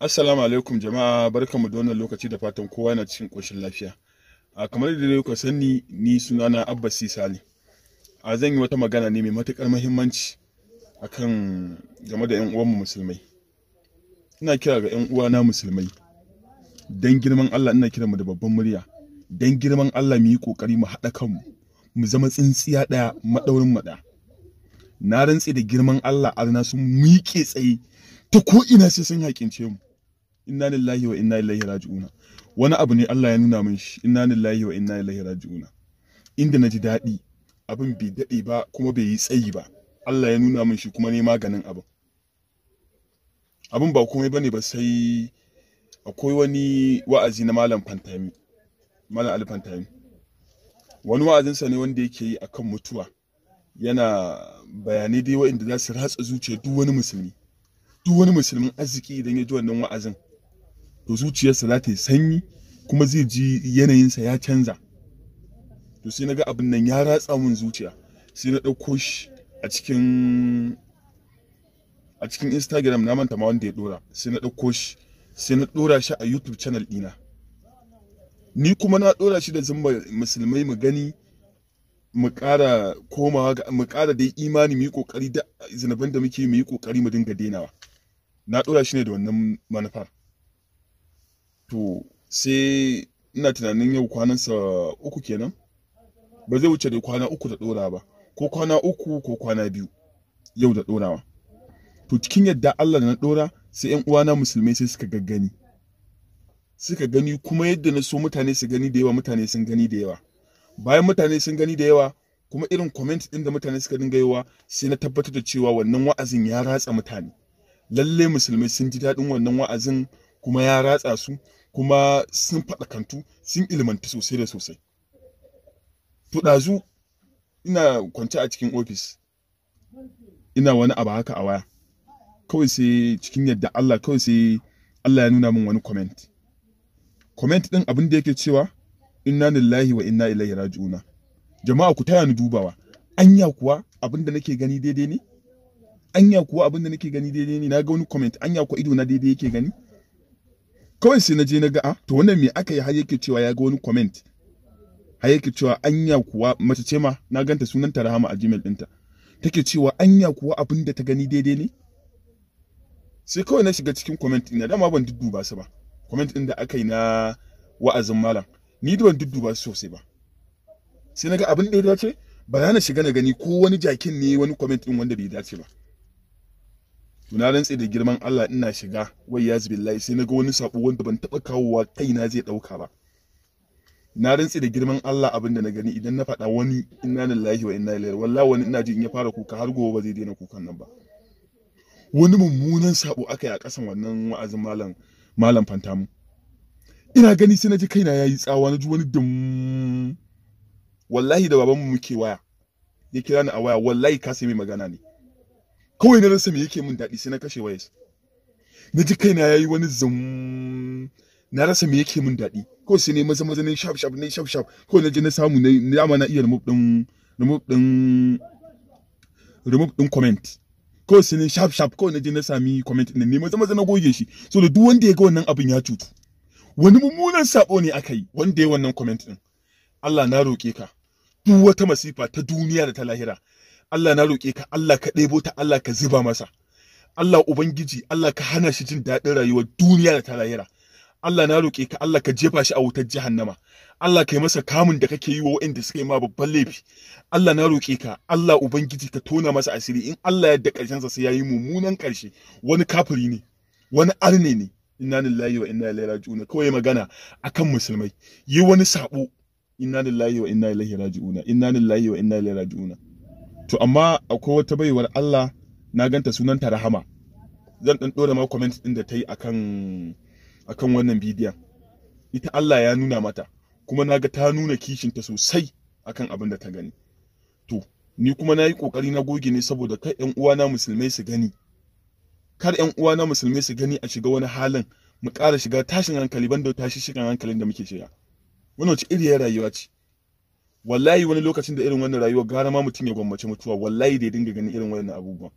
assalamu alaikum jama'a barka, da wannan lokaci da fatan kowa yana cikin koshin lafiya. a kamar da ku sani ni sunana Abbas sisali A zan yi wata magana ne mai matuƙar muhimmanci akan game da ƴan uwanmu musulmai. Ina kira ga 'yan uwana musulmai dan girman Allah ina kira mu da babban murya dan girman Allah mu yi kokari mu haɗa kanmu mu zama tsintsiya ɗaya madaurin maɗa. Na rantse da girman Allah arna sun miƙe tsaye ta ko ina sai sun hakince mu inna lillahi wa inna ilaihi raji'una wani abu ne Allah ya nuna min shi inna lillahi wa inna ilaihi raji'una inda na ji daɗi abin bai daɗe ba kuma bai yi tsayi ba Allah ya nuna min shi kuma ne maganin abin abin ba komai bane ba sai akwai wani wa'azi na malam fantami malam ali fantami wani wa'azinsa ne wanda yake yi akan mutuwa yana bayanai dai wa'inda za su ratsa zuciya duk wani musulmi duk wani musulmin arziki idan ya ji wannan wa'azin to zuciyarsa za ta yi sanyi kuma zai ji yanayinsa ya canza to sai na ga abin nan ya ratsa mun zuciya sai na ɗauko shi a cikin a cikin instagram na manta ma wanda ya ɗora sai na ɗauko shi sai na dora shi a youtube channel ɗina ni kuma na dora shi da zumba musulmai mu gani mu ƙara komawa mu ƙara dai imani mu yi ƙoƙari da zinaban da muke mu yi ƙoƙari mu dinga denawa na ɗora shi ne da wannan manufar to sai ina tunanin yau kwanansa uku kenan ba zai wuce da kwana uku da ɗora ba ko kwana uku ko kwana biyu yau da ɗorawa to cikin yadda Allah na ɗora sai ƴan uwana musulmai sai suka gaggani suka gani kuma yadda na so mutane su gani da yawa mutane sun gani da yawa bayan mutane sun gani da yawa kuma irin comment ɗin da mutane suka dinga yawa sai na tabbatar da cewa wannan wa'azin ya ratsa mutane lalle musulmai sun ji daɗin wannan wa'azin kuma ya ratsa su kuma sun kantu, sun ilmanta sosai da sosai to ɗazu ina kwance a cikin ofis ina wani abu haka a waya kawai sai cikin yadda Allah kawai sai Allah ya nuna min wani comment comment ɗin abin da yake cewa inna lillahi wa inna ilaihi raji'una jama'a ku taya ni dubawa anya kuwa abin da nake gani daidai ne anya kuwa abin da nake gani daidai ne na ga wani comment anya kuwa ido na daidai yake gani kawai sai na je na ga a ah, to wannan me aka yi har yake cewa ya ga wani comment har yake cewa anya kuwa mace ce ma na ganta sunanta Rahama a Gmail ɗinta take cewa anya kuwa abin da ta gani daidai ne sai kawai na shiga cikin comment da ma ban dudduba su ba comment ɗin da aka yi na wa'azin malam ni da ban dudduba su sosai ba sai na ga abin da ya dace ba na shiga na gani ko wani jakin ne wani comment ɗin wanda bai dace ba to na rantse da girman Allah ina shiga wai ya billahi sai ga wani sako wanda ban taba kawowa kaina zai dauka ba na rantse da girman Allah abin da na gani idan na faɗa wani inna lillahi wa inna ilaihi wallahi wani ina ji in ya fara kuka har gobe ba zai daina kukan nan ba wani mummunan sabo aka a ƙasan wannan wa'azin malam malam fantamu ina gani sai na ji kaina yayi tsawa na ji wani dum wallahi da babanmu muke waya ya kira ni a waya wallahi ka sai mai magana ne kawai na rasa me yake min daɗi sai na kashe wayas na ji kaina ya yi wani zum na rasa me yake min daɗi kawai sai ne maza maza ne shaf shaf ne shaf shaf kawai na je na samu na dama na iya remove ɗin remove ɗin remove ɗin comment kawai sai ne shaf shaf kawai na je na sami comment ɗin ne maza maza na goge shi so da duk wanda ya ga wannan abin ya cutu wani mummunan sabo ne aka yi wanda ya wannan comment ɗin Allah na roƙe ka duk wata masifa ta duniya da ta lahira Allah na roƙe ka Allah ka ɗebo ta Allah ka zuba masa Allah ubangiji Allah ka hana shi jin daɗin rayuwar duniya da ta lahira Allah na roƙe ka Allah ka jefa shi a wutar jahannama Allah ka yi masa kamun da kake yi wa waɗanda suka yi ma babban laifi Allah na roƙe ka Allah ubangiji ka tona masa asiri in Allah ya da ƙarshen sa sai yayi mummunan ƙarshe wani kafiri ne wani arne ne inna lillahi wa inna ilaihi raji'un kawai magana akan musulmai yi wani sabo inna lillahi wa inna ilaihi raji'un inna lillahi wa inna ilaihi raji'un to amma akwai wata baiwar Allah na ganta sunanta Rahama zan dan dora ma comment din da ta yi akan akan wannan bidiyon ita Allah ya nuna mata kuma na ga ta nuna kishin ta sosai akan abin da ta gani to ni kuma na yi ƙoƙari na goge ne saboda kar 'yan uwana musulmai su gani kar ƴan uwana musulmai su gani a shiga wani halin mu ƙara shiga tashin hankali banda tashi shigan hankalin da muke shiga wannan wace iriyar rayuwa ce wallahi wani lokacin da irin wannan rayuwa gara ma mutum ya gwammace mutuwa wallahi da ya dinga ganin irin wannan abubuwan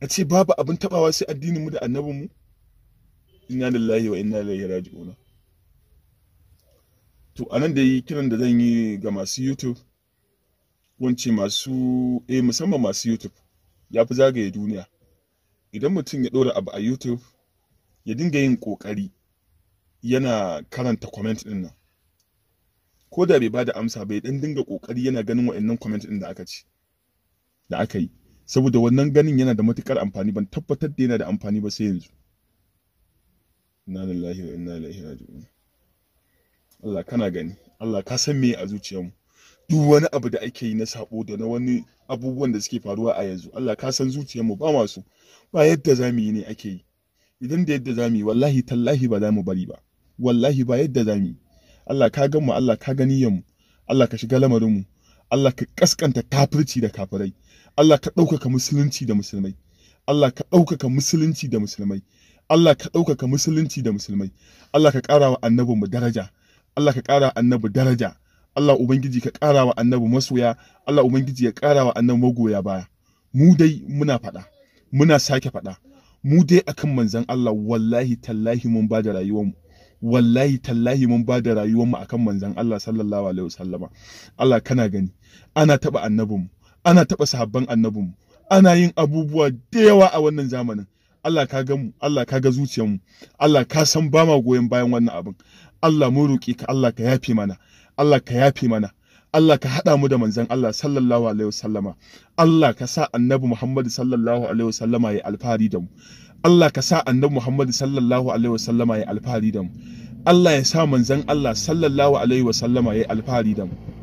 a ce babu abin tabawa sai addinin mu da annabin mu inna lillahi wa inna ilaihi raji'un to anan da yi kiran da zan yi ga masu youtube wance masu eh musamman masu youtube ya fi zagaye duniya idan mutum ya ɗora abu a youtube ya dinga yin kokari yana karanta comment ɗin nan ko da bai da amsa bai dan dinga kokari yana ganin wa'annan comment din da aka ci da aka yi saboda wannan ganin yana da matukar amfani ban tabbatar da yana da amfani ba sai yanzu inna lillahi wa inna ilaihi raji'un Allah kana gani Allah ka san me a zuciyarmu duk wani abu da ake yi na sako da na wani abubuwan da suke faruwa a yanzu Allah ka san mu ba masu ba yadda za mu yi ne ake yi idan da yadda za mu yi wallahi tallahi ba za mu bari ba wallahi ba yadda za yi Allah ka gan mu Allah ka gani mu Allah ka shiga lamarin mu Allah ka kaskanta kafirci da kafirai Allah ka ɗaukaka musulunci da musulmai Allah ka ɗaukaka musulunci da musulmai Allah ka ɗaukaka musulunci da musulmai Allah ka ƙara wa mu daraja Allah ka ƙara annabi daraja Allah ubangiji ka ƙara wa annabi masoya Allah ubangiji ya ƙara wa annabi magoya baya mu dai muna faɗa muna sake faɗa mu dai akan manzon Allah wallahi tallahi mun ba da rayuwarmu wallahi tallahi mun ba da rayuwarmu akan manzan Allah sallallahu alaihi wasallama Allah kana gani ana taba annabinmu ana taba sahabban annabinmu ana yin abubuwa da yawa a wannan zamanin Allah ka ga mu Allah ka ga zuciyarmu Allah ka san ba ma goyon bayan wannan abin Allah mu roƙi ka Allah ka yafe mana Allah ka yafe mana Allah ka haɗa mu da manzan Allah sallallahu alaihi wasallama Allah ka sa annabi Muhammad sallallahu alaihi wasallama ya alfahari da mu Allah ka sa annabi Muhammad sallallahu alaihi wasallama ya alfahari da mu Allah ya sa manzon Allah sallallahu alaihi wasallama ya alfahari da mu